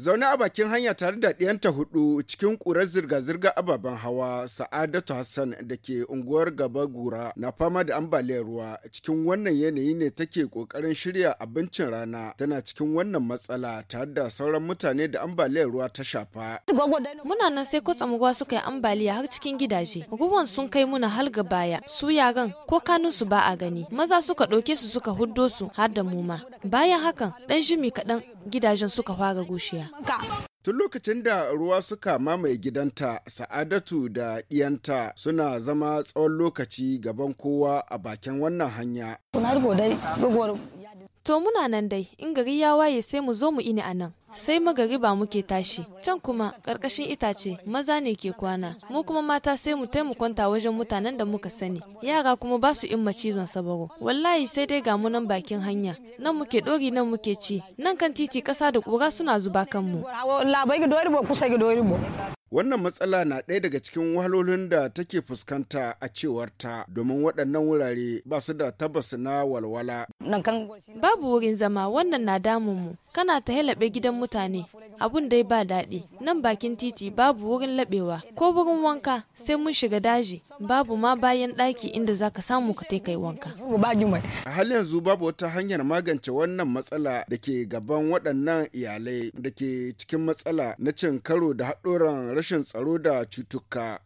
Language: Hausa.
Zaune a bakin hanya tare da ɗiyanta hudu cikin ƙurar zirga-zirga ababen hawa Sa'adatu Hassan da ke unguwar Gaba Gura na fama da ambaliyar ruwa cikin wannan yanayi ne take ƙoƙarin shirya abincin rana tana cikin wannan matsala tare da sauran mutane da ambaliyar ruwa ta shafa. Muna nan sai kwatsamuwa suka yi ambaliya har cikin gidaje. Ruwan sun kai muna hal ga baya. Su yaran ko kanun su ba a gani. Maza suka ɗauke su suka huddo su har da mu ma. Bayan hakan ɗan shimi kaɗan gidajen suka fara gushiya. Tun lokacin da ruwa suka mamaye gidanta, Sa'adatu da ɗiyanta suna zama tsawon lokaci gaban kowa a bakin wannan hanya. To muna nan dai, in gari ya waye sai mu zo mu ini a nan. sai magariba muke tashi can kuma karkashin itace maza ne ke kwana mu kuma mata sai mu taimu wajen mutanen da muka sani yara kuma ba su in macizon sabaro wallahi sai dai ga mu nan bakin hanya nan muke ɗori nan muke ci nan kan titi ƙasa da kura suna zuba kan mu Wannan matsala na ɗaya daga cikin wahalolin da take fuskanta a cewarta domin waɗannan wurare ba su da tabbas na walwala. Babu wurin zama wannan na damunmu. kana ta helabe gidan mutane abun dai ba daɗi nan bakin titi babu wurin labewa ko wurin wanka sai mun shiga daji babu ma bayan ɗaki inda zaka samu ka kai wanka a hal yanzu babu wata hanyar magance wannan matsala da ke gaban waɗannan iyalai da ke cikin matsala na cin karo da haɗoran rashin tsaro da cutuka.